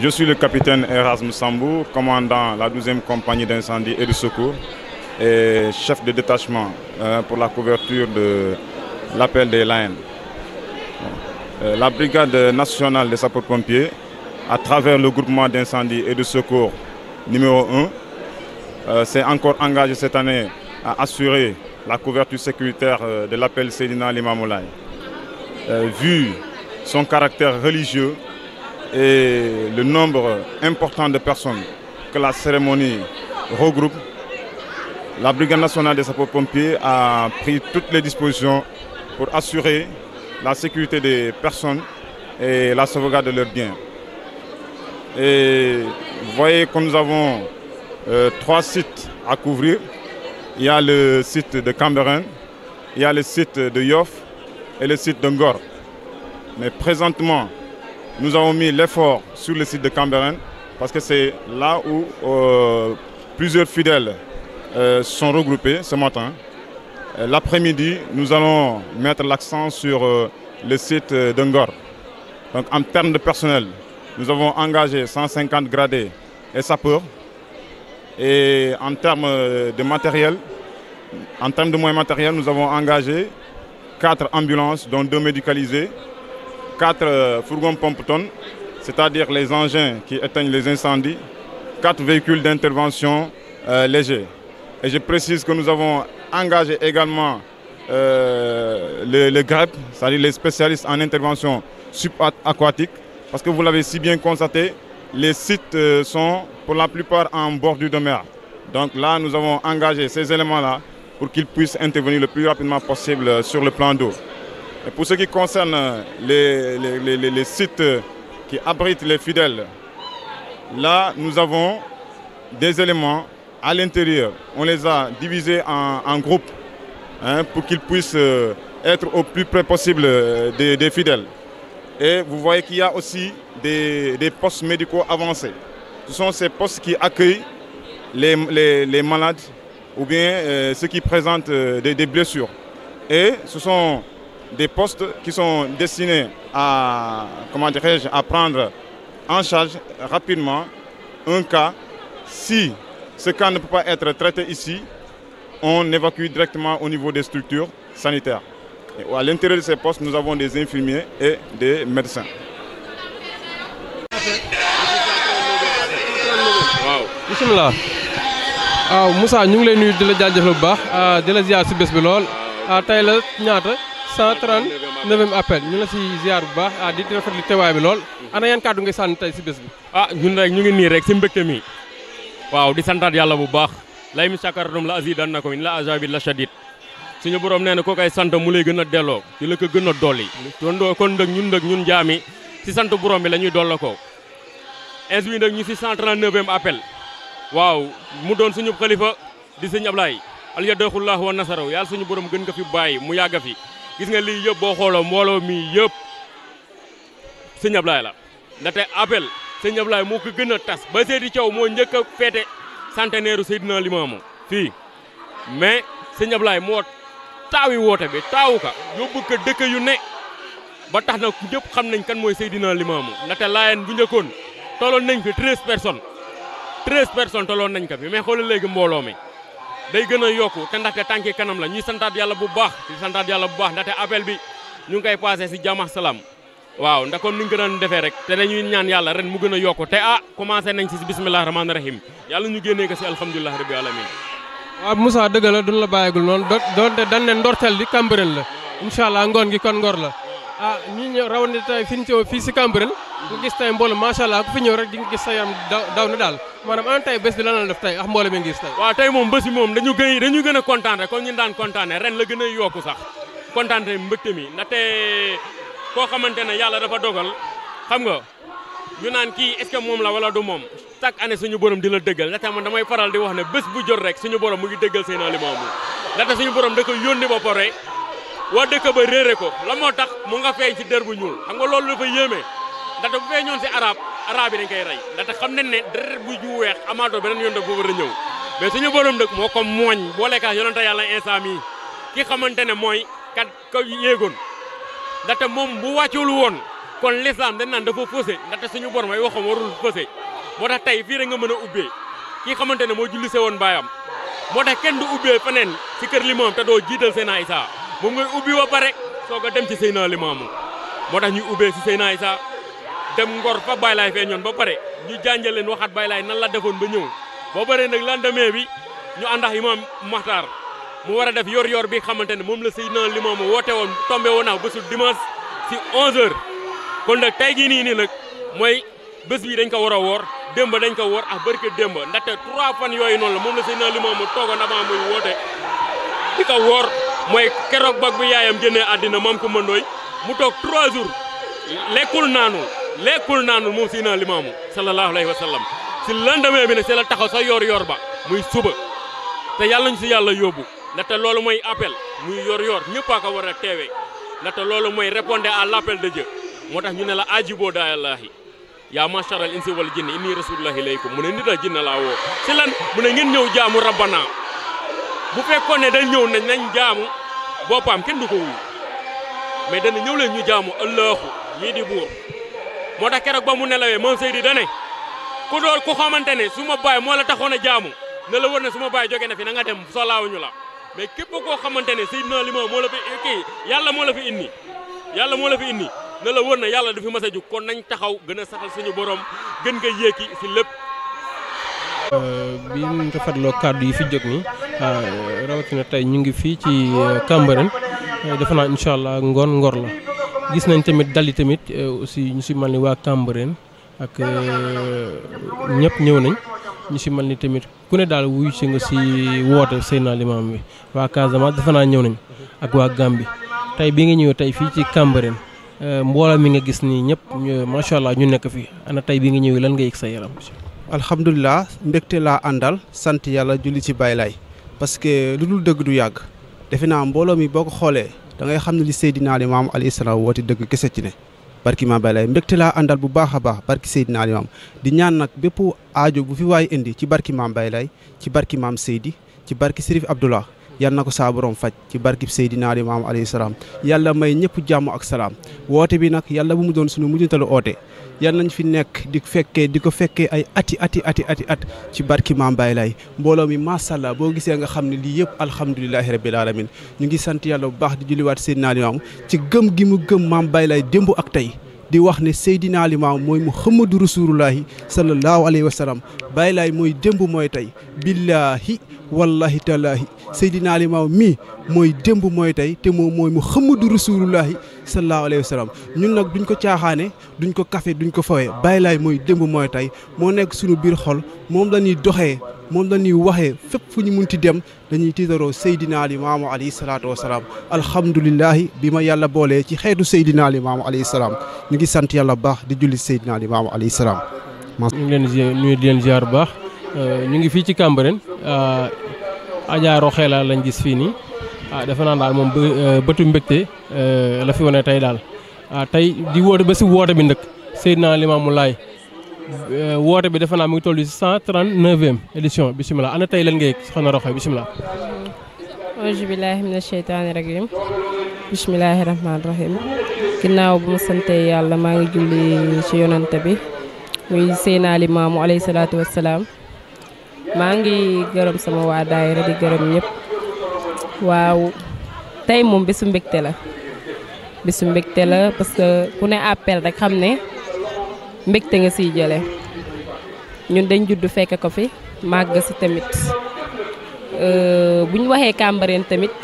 Je suis le capitaine Erasmus Sambou, commandant la 12e compagnie d'incendie et de secours et chef de détachement euh, pour la couverture de l'appel des LAN. Euh, la brigade nationale des sapeurs-pompiers, à travers le groupement d'incendie et de secours numéro 1, euh, s'est encore engagée cette année à assurer la couverture sécuritaire de l'appel Sédina Limamoulaye. Vu son caractère religieux, et le nombre important de personnes que la cérémonie regroupe, la Brigade nationale des sapeurs-pompiers a pris toutes les dispositions pour assurer la sécurité des personnes et la sauvegarde de leurs biens. Et vous voyez que nous avons euh, trois sites à couvrir. Il y a le site de Cambérène, il y a le site de Yoff et le site d'Ungor. Mais présentement, Nous avons mis l'effort sur le site de Cambérène parce que c'est là où euh, plusieurs fidèles euh, sont regroupés ce matin. L'après-midi, nous allons mettre l'accent sur euh, le site euh, d'Ungor. Donc en termes de personnel, nous avons engagé 150 gradés et sapeurs. Et en termes euh, de matériel, en termes de moyens matériels, nous avons engagé 4 ambulances, dont 2 médicalisées, quatre fourgons pompe-tonnes, c'est-à-dire les engins qui éteignent les incendies, 4 véhicules d'intervention euh, légers. Et je précise que nous avons engagé également euh, les, les GREP, c'est-à-dire les spécialistes en intervention subaquatique, parce que vous l'avez si bien constaté, les sites euh, sont pour la plupart en bordure de mer. Donc là, nous avons engagé ces éléments-là pour qu'ils puissent intervenir le plus rapidement possible euh, sur le plan d'eau. pour ce qui concerne les, les, les, les, sites qui abritent les fidèles, là, nous avons des éléments à l'intérieur. On les a divisés en, en groupes hein, pour qu'ils puissent euh, être au plus près possible euh, des, des fidèles. Et vous voyez qu'il y a aussi des, des, postes médicaux avancés. Ce sont ces postes qui accueillent les, malades ou bien euh, ceux qui présentent euh, des, des blessures. Et ce sont des postes qui sont destinés à, comment dirais-je, à prendre en charge rapidement un cas. Si ce cas ne peut pas être traité ici, on évacue directement au niveau des structures sanitaires. Et à l'intérieur de ces postes, nous avons des infirmiers et des médecins. waaw bisimilah waaw ah, Moussa ñu ngi lay nuyu di la jaajëfal bu baax ah, di la ziar si bés bi lool ah, tey la ñaata. 139e appel ñu la si ziar bu baax ah di rafetlu bi lool ana yan kàddu ngay sànni si bés bi ah ñun rek ñu ngi nii rek si mbégte mi waaw di santaat yàlla bu baax lay mi sakartum la azidannakum in la azabi la shadid suñu borom nee na koo koy sant mu lay gën a delloo di la ko gën a dolli kon kon ndëg ñun ndëg ñun jaami si sant borom bi la ñuy la ko insi wi ñu si 139e appel waaw mu doon suñu xalifa di sëñ Ablaye al yadaxullahu wa nasaraw yàlla suñu borom gën ko fi bàyyi mu yàgga fi gis nga lii yëpp boo xooloo mbooloo mi yëpp sëñ Ablaye la ndaxte appel sëñ Ablaye moo ko gën tas ba Seydi caw moo njëkk a féete centenaire Seydina Limaamu fii mais sëñ Ablaye moo taawi woote bi taawu ka yóbbu ko dëkk yu ne ba tax na ñëpp xam nañ kan mooy Seydina Limaamu ndaxte laayeen bu njëkkoon toloon nañ fi treize personnes treize personnes toloon nañ ko fi mais xoolal léegi mbooloo mi day gën a yokku te ndaxte tànki kanam la ñuy santaat yàlla bu baax di santaat yàlla bu baax ndaxte appel bi ñu ngi koy si jàmm salaam waaw ndax comme ni ñu gën a defee rek te dañuy ñaan yàlla ren mu gën a yokku te ah commencé nañ si bisimilah rahmaani rahim yàlla ñu génnee ko si alhamdulilah rabbi alamin waaw Moussa dëgg la duñ la bàyyigul noonu doonte dañ ne di Cambérène la incha ngoon gi kon ngor la ah ñu ñëw rawatina tey fi ñu teew fii si Cambérène nga gis tey mbooloo macha allah ku fi ñëw rek di nga gis sa yaram daw na daal maanaam an tey bés bi lan la def tey ak mbooloo mi ngi gis tey waaw tey moom bés bi moom dañu gën a dañu gën a kontaan rek ñu daan kontaane ren la gën a yokku sax kontaan te mi na te koo xamante ne yàlla dafa dogal xam nga ñu naan kii est-ce que moom la wala du moom chaque année suñu borom di la dëggal ndaxte man damay faral di wax ne bés bu jot rek suñu borom mu ngi dëggal Seydina Limaamu ndaxte suñu borom da ko yónni ba waa dëkk ba réere ko la moo tax mu nga feeñ ci dër bu ñuul a nga loolu dafa yéeme ndaxte bu feeñoon si arab arab yi dañ koy rey ndaxte xam nañ ne deret bu ju weex amaatoo beneen yoon daf ko war a ñëw mais suñu borom dëkk moo ko mooñ boolekaas yonente yàlla instant mii ki xamante ne mooy kat ko yéegoon ndaxte moom bu wàccul woon kon lislaam dañ naan dafa faussé ndaxte suñu borom ay waxam warul faussé moo tax tey fii rek nga mën a ubbee ki xamante ne moo jullise woon baayam moo tax kenn du ubbee feneen si kër limaam te doo jiital seen Isaa moom ngay ubbi ba pare soo a dem ci Seydina Limaamu moo tax ñuy ubbee si Seydina Isa dem ngor fa Baay Laay feeñoon ba pare ñu jànjal leen waxaat Baay Laay nan la defoon ba ñëw ba pare nag lendemain bi ñu àndax imaam Maxtaar mu war a def yor-yor bi xamante ne moom la Seydina Limaamu woote woon tombé woon naaw bésu dimanche si 11 kon nag tey jii nii nii nag mooy bës bi dañ ko war a woor démb dañ ko woor ak barke démb ndaxte trois fan yooyu noonu la moom la Seydina Limaamu toogoon avant muy woote di woor. mooy keroog bag bu yaayam génnee àddina moom Coumba Ndoye mu toog trois jours lekkul naanul lekkul naanul moom Seydina Limaamu sallallahu alayhi wa sallam si lendemain bi ne si la taxaw sa yor-yor ba muy suba te yàlla ñu si yàlla yóbbu ndaxte loolu mooy appel muy yor-yor ñëpp ko war a teewee ndaxte loolu mooy répondre à l' appel de Dieu moo tax ñu ne la ajiboo daayallaahi yaa macharal insi wal jinni inni rasulullahi ilaykum mu ne nit a jinna laa woo si lan mu ne ngeen ñëw jaamu rabbana bu fekkoon ne dañ ñëw nañ nañ jaamu. boppam kenn du ko wuyu mais dana ñëw leen ñu jaamu Allahu mii di buur moo tax keroog ba mu nelawee moom Seydi dane ku dool ku xamante ne su ma baay moo la taxoon a jaamu ne la wër ne suma ma baay jóge na fi na nga dem solaawuñu la mais képp koo xamante ne Seydina Limaamu moo la fi kii yàlla moo la fi indi yàlla moo la fi indi ne la wër na yàlla du fi mas a jug nañ taxaw gën a saxal suñu borom gën nga yéeki si lépp Euh, bi ñu rafetloo kàddu yi fi jóg nii euh, rawatina tey ñu ngi fii ci euh, Cambérène defe naa incha allah ngoon ngor la gis nañ tamit dali tamit aussi ñu si mel ni waa Cambérène ak ñëpp ñëw nañ ñu si mel ni tamit ku ne daal wuyu si nga si woote Seydina Limaamu bi waa Casamance defe naa ñëw nañ ak waa gàmbi tey bi nga ñëwee tey fii ci Cambérène mbooloo mi nga gis nii ñëpp macha allah ñu nekk fi ana tey bi nga ñëwee lan nga yëg sa yaram. alhamdulilah mbégte laa àndal sant yàlla julli ci Baay Laay parce que lu dul dëgg du yàgg defe naa mbooloo mi boo ko xoolee da ngay xam ne li naa Limaam alayhi salaam woote dëgg kese ci ne barki Maam Baay Laay mbégte laa àndal bu baax a baax barki Seydina Limaam di ñaan nag bépp aajo bu fi waay indi ci barki Maam Baay Laay ci barki Maam Seydi ci barki Sérif Abdoulah yal na ko saa borom faj ci barkib Seydina Limaam alayhi salaam yalla may ñëpp jàmm ak salaam woote bi nag yàlla bu mu doon suñu mujjantalu oote yal ñu fi nekk di fekkee di ko fekkee ay ati ati ati ati at ci barki Maam Baay Laay mbooloo mi masàllaa boo gisee nga xam ne lii yëpp alhamdulilahi rabil alamin ñu ngi sant yàlla bu baax di julliwaat Seydina Limaamu ci gëm gi mu gëm Maam Baay Laay démb ak tey di wax ne Seydina Limaamu mooy Muhammadu Rasulullahi sallallahu alayhi wa sallam Baay Laay mooy démb mooy tey billahi wallahi tallaahi Seydina Limaamu mii mooy démb mooy tey te moom mooy mu xamadu rasulullahi sallallahu alayhi wa sallam ñun nag duñ ko caaxaane duñ ko kafe duñ ko fawee bàyyi laay mooy démb mooy tey moo nekk suñu biir xol moom la ñuy doxee moom lañuy ñuy waxee fépp fu ñu munti dem dañuy tiitaroo Seydina Limaamu alayhi salaatu wa salaam alhamdulilahi bi ma yàlla boolee ci xeetu Seydina Limaamu alayhi salaam ñu ngi sant yàlla bu baax di julli Seydina Limaamu alayhi salaam. ñu leen di Euh, ñu ngi fii ci Cambérène euh, Adja Roxela lañ gis fii nii ah defe naa daal moom euh, bëtu mbégte la fi wane tey daal ah, tey di woote ba si woote bi nag Seydina Limaamu Laay woote bi defe naa mu ngi toll ci cent trente neuvième édition bisimilah ana tey lan nga yëg soxna Roxe bisimilah. auzu billaahi mina yàlla maa ngi julli ci yonante bi muy Seydina Limaamu alayhi salaatu wassalaam maa ngi gërëm sama waa daayira di gërëm ñëpp waaw tey moom bésu mbégte la bésu mbégte la parce que ku ne appel rek xam ne mbégte nga siy jële ñun dañ juddu fekk ko fi màgg si tamit euh, bu ñu waxee Cambérène tamit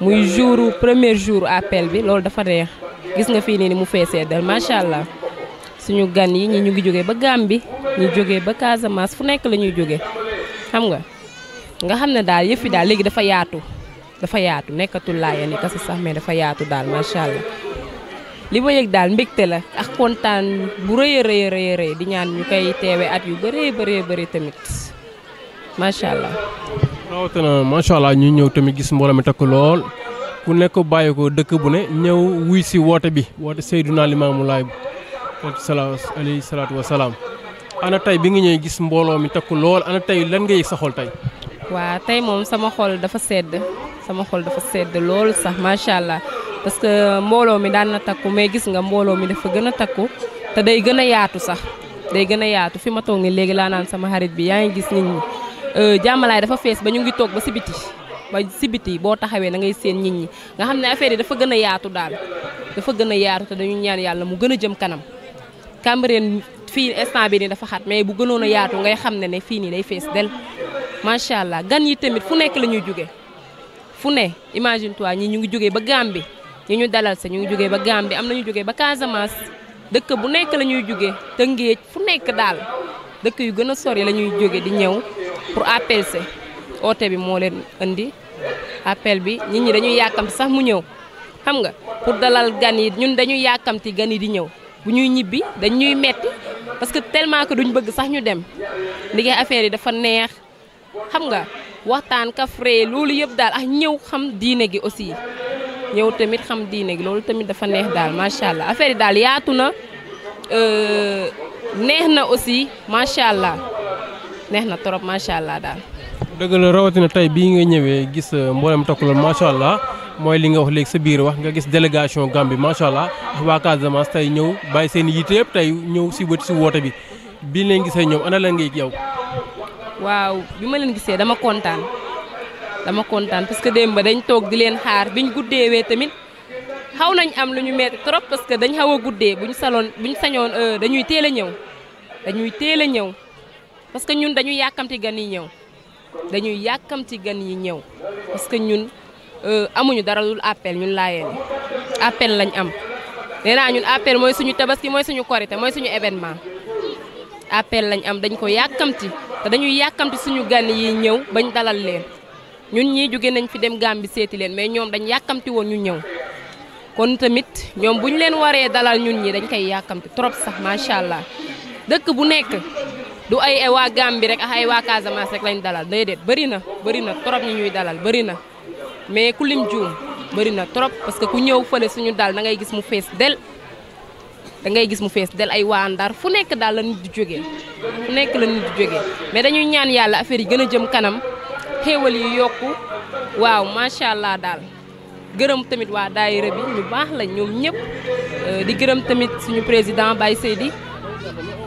muy jour premier jour appel bi loolu dafa neex gis nga fii nii ni mu feesee dal macha allah. suñu gan yi ñu ngi jógee ba bi ñu jógee ba Casamance fu nekk la ñuy jógee xam nga nga xam ne daal yëf yi daal léegi dafa yaatu dafa yaatu nekkatul laaya ni kese sax mais dafa yaatu daal macha allah li ma yëg daal mbégte la ak kontaan bu rëy a rëy di ñaan ñu koy teewe at yu bëree bëree bëri tamit macha allah. macha allah ñu ñëw tamit gis mbooloo mi takk lool ku nekk bàyyi ko dëkk bu ne ñëw wuy si woote bi woote Seydina Limamou Laye alayhi salaatu wa salaam ana tey bi nga ñëwee gis mbooloo mi takku lool ana tey lan nga yëg sa xol tey. waa tey moom sama xol dafa sedd sama xol dafa sedd lool sax macha allah parce que mbooloo mi daan na takku mais gis nga mbooloo mi dafa gën a takku te day gën a yaatu sax day gën a yaatu fi ma toog nii léegi laa naan sama xarit bi yaa ngi gis nit ñi euh, jàmmalaay dafa fees ba ñu ngi toog ba si biti ba si biti boo taxawee da ngay seen nit ñi nga xam ne affaire yi dafa gën a yaatu daal dafa gën a yaatu te dañu yàlla mu gën a jëm kanam. Cambérène fii instant bi nii dafa xat mais bu gënoon yaatu ngay xam ne ne fii nii day fees del macha allah gan yi tamit fu nekk lañuy jóge fu ne imagine toi ñi ñu ngi jógee ba Gambie bi ñu dalal sa ñu ngi jógee ba Gambie am na ñu jógee ba Casamance dëkk bu nekk la ñuy jóge Tëngéej fu nekk daal dëkk yu gën a sori la ñuy jóge di ñëw pour appel se oote bi moo leen indi appel bi nit ñi dañuy yàkkamti sax mu ñëw xam nga pour dalal gan yi ñun dañuy yàkkamti gan yi di ñëw bu ñuy ñibbi dañ ñuy metti parce que tellement que duñ bëgg sax ñu dem liggéey affaire yi dafa neex xam nga waxtaan kafre loolu yëpp daal ak ñëw xam diine gi aussi ñëw tamit xam diine gi loolu tamit dafa neex daal macha allah affaire yi daal yaatu na euh, neex na aussi macha allah neex na trop macha allah daal. dëgg la rawatina tey bii nga ñëwee gis euh, mboolem takku la macha allah. mooy li nga wax léegi sa biir wax nga gis délégation Gambie macha allah waa Casamance tey ñëw bàyyi seen yitte yëpp tey ñëw si bët si woote bi bi leen gisee ñoom ana la ngay yow. waaw bi ma leen gisee dama kontaan dama kontaan parce que démb dañu toog di leen xaar biñ guddeewee tamit xaw nañ am lu ñu metti trop parce que dañ xaw a guddee buñ bu buñ sañoon euh, dañuy teel a ñëw dañuy teel a ñëw parce que ñun dañuy yàkkamti gan yi ñëw dañuy yàkkamti gan yi ñëw Euh, amuñu dara lu appel ñun laayeen appel lañ am nee naa ñun appel mooy suñu tabaski mooy suñu korité mooy suñu événement appel lañ am dañ ko yàkkamti te dañuy yàkkamti suñu gan yi ñëw bañ dalal leen ñun ñii jóge nañ fi dem bi seeti leen mais ñoom dañu yàkkamti woon ñu ñëw kon tamit ñoom bu ñu leen waree dalal ñun ñi dañ koy yàkkamti trop sax macha allah dëkk bu nekk du ay waa Gàmbi rek ak ay waa Casamance rek lañ dalal déedéet bëri na bëri na trop ñi ñuy dalal bëri na mais ku lim juum bëri na trop parce que ku ñëw fële suñu daal da ngay gis mu fees del da ngay gis mu fees del ay waa Ndar fu nekk daal la nit di jógee fu nekk la nit di jógee mais dañuy ñaan yàlla affaire yi gën a jëm kanam xéewal yi yokk waaw macha allah daal gërëm tamit waa daayira bi ñu baax la ñoom ñëpp euh, di gërëm tamit suñu président Baye Seydi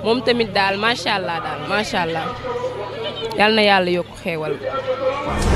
moom tamit daal macha allah daal macha allah yal na yàlla yokk xéewal